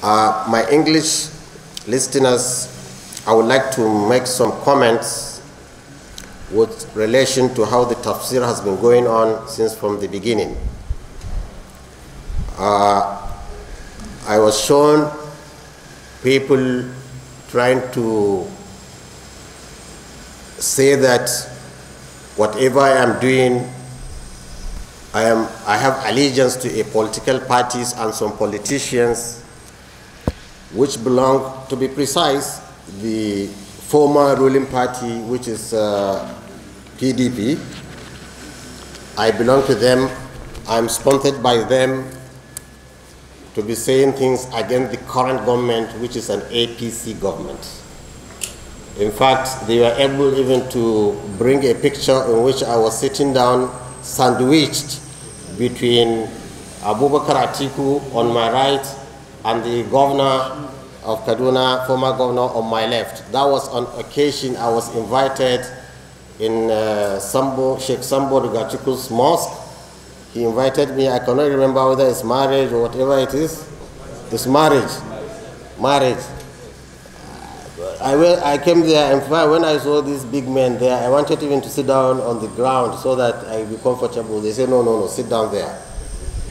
Uh, my English listeners, I would like to make some comments with relation to how the tafsir has been going on since from the beginning. Uh, I was shown people trying to say that whatever I am doing, I, am, I have allegiance to a political parties and some politicians which belong, to be precise, the former ruling party, which is uh, PDP. I belong to them. I'm sponsored by them to be saying things against the current government, which is an APC government. In fact, they were able even to bring a picture in which I was sitting down, sandwiched between Abubakar Atiku on my right and the governor of Kaduna, former governor on my left. That was on occasion I was invited in uh, Sambo, Sheikh Sambo Rigachuku's mosque. He invited me, I cannot remember whether it's marriage or whatever it is. It's marriage. Marriage. I, will, I came there and when I saw these big men there, I wanted even to sit down on the ground so that I be comfortable. They said, no, no, no, sit down there.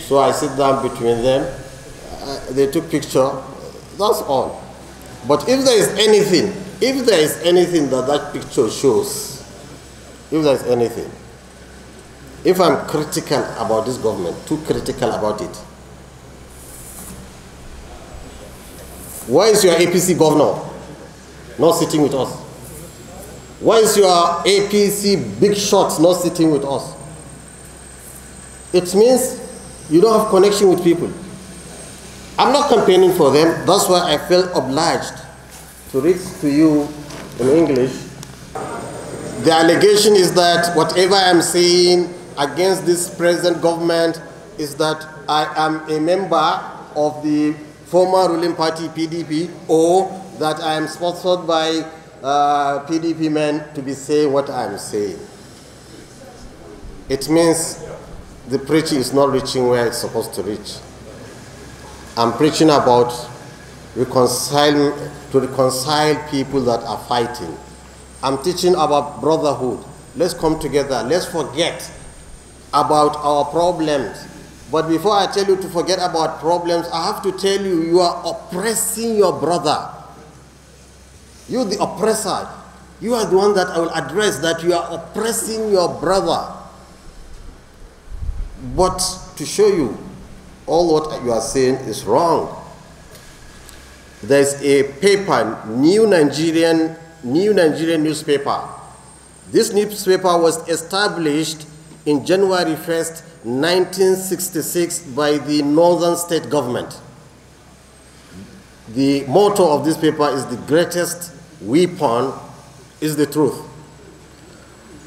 So I sit down between them uh, they took picture. That's all. But if there is anything, if there is anything that that picture shows, if there is anything, if I'm critical about this government, too critical about it, why is your APC governor not sitting with us? Why is your APC big shot not sitting with us? It means you don't have connection with people. I'm not campaigning for them. That's why I felt obliged to read to you in English. The allegation is that whatever I'm saying against this present government is that I am a member of the former ruling party PDP or that I am sponsored by uh, PDP men to be saying what I'm saying. It means the preaching is not reaching where it's supposed to reach. I'm preaching about reconcile, to reconcile people that are fighting. I'm teaching about brotherhood. Let's come together. Let's forget about our problems. But before I tell you to forget about problems, I have to tell you, you are oppressing your brother. You're the oppressor. You are the one that I will address that you are oppressing your brother. But to show you all what you are saying is wrong. There's a paper, New Nigerian, New Nigerian newspaper. This newspaper was established in January 1st, 1966 by the Northern State Government. The motto of this paper is the greatest weapon is the truth.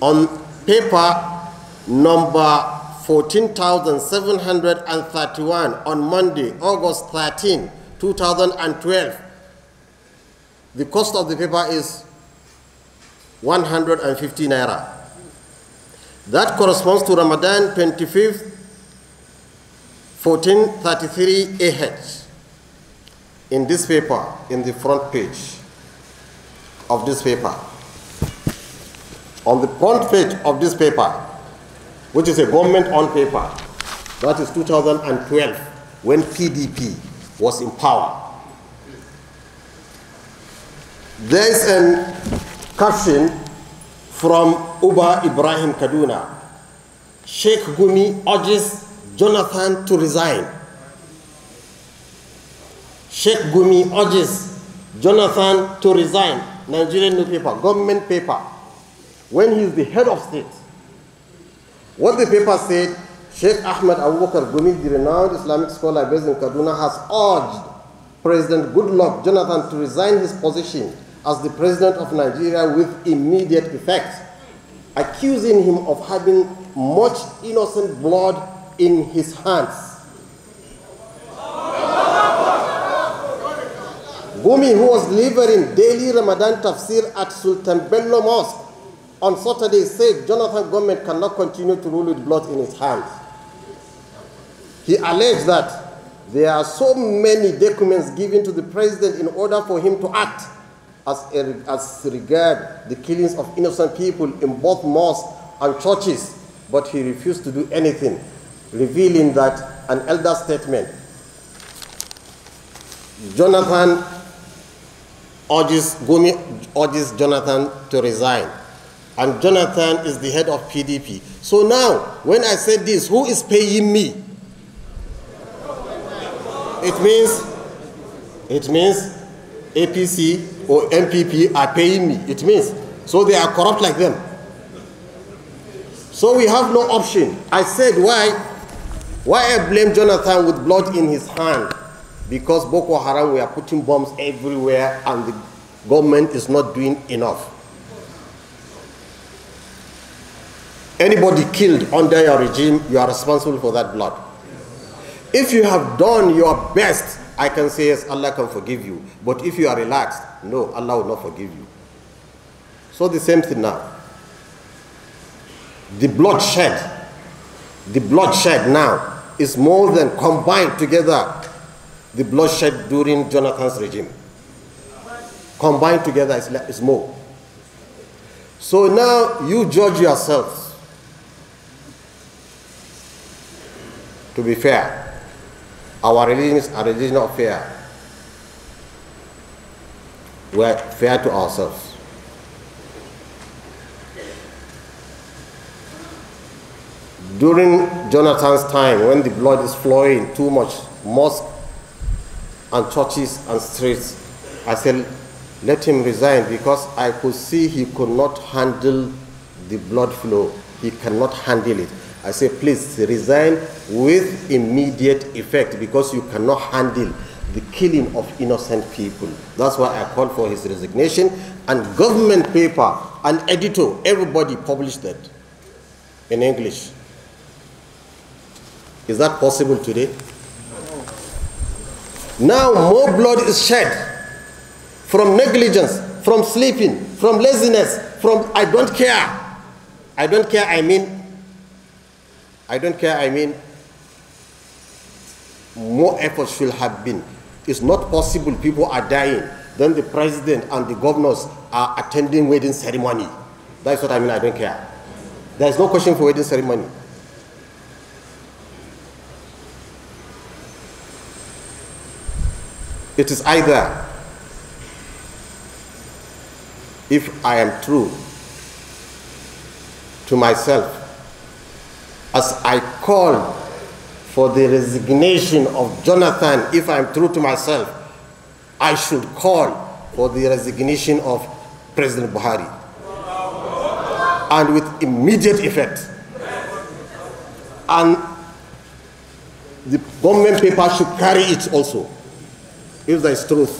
On paper number 14,731 on Monday, August 13, 2012. The cost of the paper is 150 naira. That corresponds to Ramadan 25th, 1433 AH. In this paper, in the front page of this paper, on the front page of this paper, which is a government on paper. That is 2012 when PDP was in power. There is a caption from Uba Ibrahim Kaduna. Sheikh Gumi urges Jonathan to resign. Sheikh Gumi urges Jonathan to resign. Nigerian newspaper, government paper. When he is the head of state, what the paper said, Sheikh Ahmed Abu Bakr Gumi, the renowned Islamic scholar based in Kaduna, has urged President Goodluck Jonathan to resign his position as the president of Nigeria with immediate effect, accusing him of having much innocent blood in his hands. Gumi, who was delivering daily Ramadan tafsir at Sultan Bello Mosque, on Saturday said Jonathan government cannot continue to rule with blood in its hands. He alleged that there are so many documents given to the president in order for him to act as, a, as regard the killings of innocent people in both mosques and churches, but he refused to do anything, revealing that an elder statement. Jonathan urges, Gumi urges Jonathan to resign and Jonathan is the head of PDP. So now, when I said this, who is paying me? It means, it means APC or MPP are paying me. It means, so they are corrupt like them. So we have no option. I said, why? Why I blame Jonathan with blood in his hand? Because Boko Haram, we are putting bombs everywhere and the government is not doing enough. anybody killed under your regime, you are responsible for that blood. If you have done your best, I can say yes, Allah can forgive you. But if you are relaxed, no, Allah will not forgive you. So the same thing now. The bloodshed, the bloodshed now is more than combined together the bloodshed during Jonathan's regime. Combined together is, is more. So now you judge yourselves. to be fair. Our religions are religion not fair. We are fair to ourselves. During Jonathan's time, when the blood is flowing too much, mosques and churches and streets, I said, let him resign because I could see he could not handle the blood flow. He cannot handle it. I say, please resign with immediate effect because you cannot handle the killing of innocent people. That's why I called for his resignation. And government paper, an editor, everybody published that in English. Is that possible today? Now more blood is shed from negligence, from sleeping, from laziness, from I don't care. I don't care, I mean I don't care, I mean, more efforts should have been. It's not possible people are dying. Then the president and the governors are attending wedding ceremony. That's what I mean, I don't care. There is no question for wedding ceremony. It is either if I am true to myself as I call for the resignation of Jonathan, if I'm true to myself, I should call for the resignation of President Buhari. And with immediate effect. And the government paper should carry it also, if there is truth.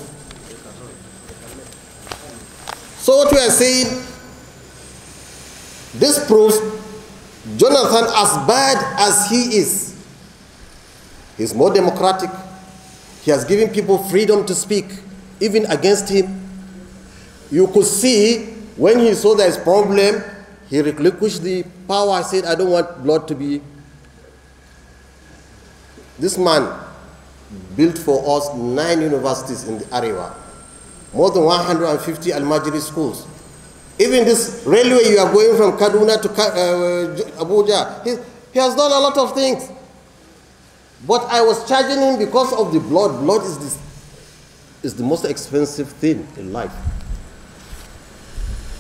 So what we are saying, this proves Jonathan, as bad as he is, he's more democratic. He has given people freedom to speak, even against him. You could see when he saw there is problem, he relinquished the power, said, I don't want blood to be. This man built for us nine universities in the Arewa, more than 150 Al-Majri schools, even this railway you are going from Kaduna to uh, Abuja, he, he has done a lot of things. But I was charging him because of the blood. Blood is, this, is the most expensive thing in life.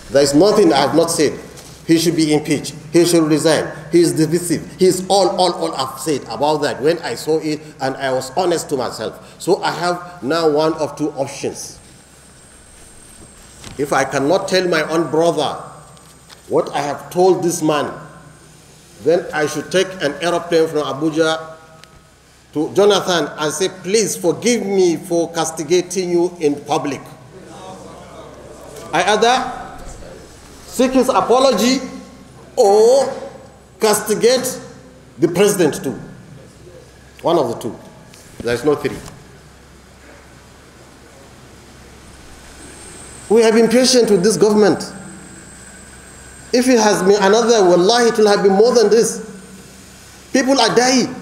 There is nothing I have not said. He should be impeached. He should resign. He is divisive. He is all, all, all I've said about that when I saw it and I was honest to myself. So I have now one of two options. If I cannot tell my own brother what I have told this man, then I should take an aeroplane from Abuja to Jonathan and say, please forgive me for castigating you in public. I either seek his apology or castigate the president too. One of the two. There is no three. We have been patient with this government. If it has been another, wallahi, it will have been more than this. People are dying.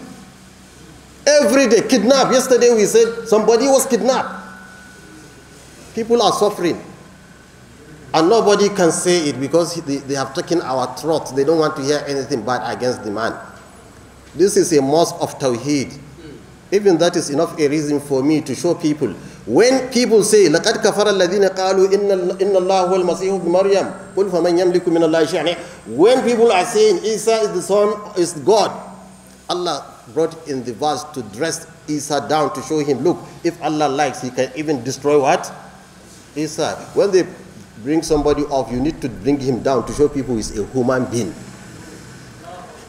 Every day, kidnapped. Yesterday we said somebody was kidnapped. People are suffering. And nobody can say it because they, they have taken our throats. They don't want to hear anything bad against the man. This is a mosque of Tawheed. Even that is enough a reason for me to show people when people say, لَقَدْ كَفَرَ الَّذِينَ قَالُوا إِنَّ اللَّهُ هُوَ الْمَسِيحُ بِمَرْيَمَ قُلْ فَمَنْ يَمْلِكُ مِنَ اللَّهِ شَيْئًا When people are saying Isa is the son, is God, Allah brought in the verse to dress Isa down to show him, look, if Allah likes, he can even destroy what? Isa. When they bring somebody up, you need to bring him down to show people he's a human being.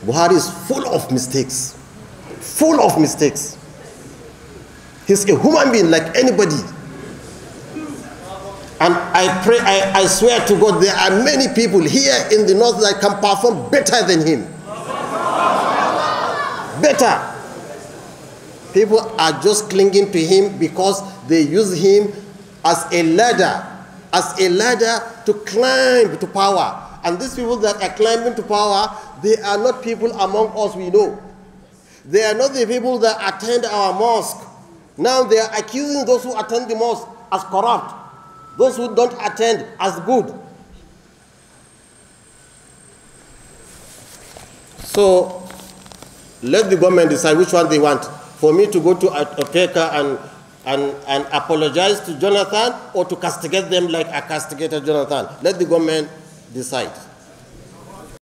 Buhari is full of mistakes. Full of mistakes. He's a human being like anybody. And I pray, I, I swear to God, there are many people here in the north that can perform better than him. Better. People are just clinging to him because they use him as a ladder, as a ladder to climb to power. And these people that are climbing to power, they are not people among us we know. They are not the people that attend our mosque. Now they are accusing those who attend the mosque as corrupt, those who don't attend as good. So let the government decide which one they want. For me to go to Opeka and, and, and apologize to Jonathan or to castigate them like I castigated Jonathan. Let the government decide.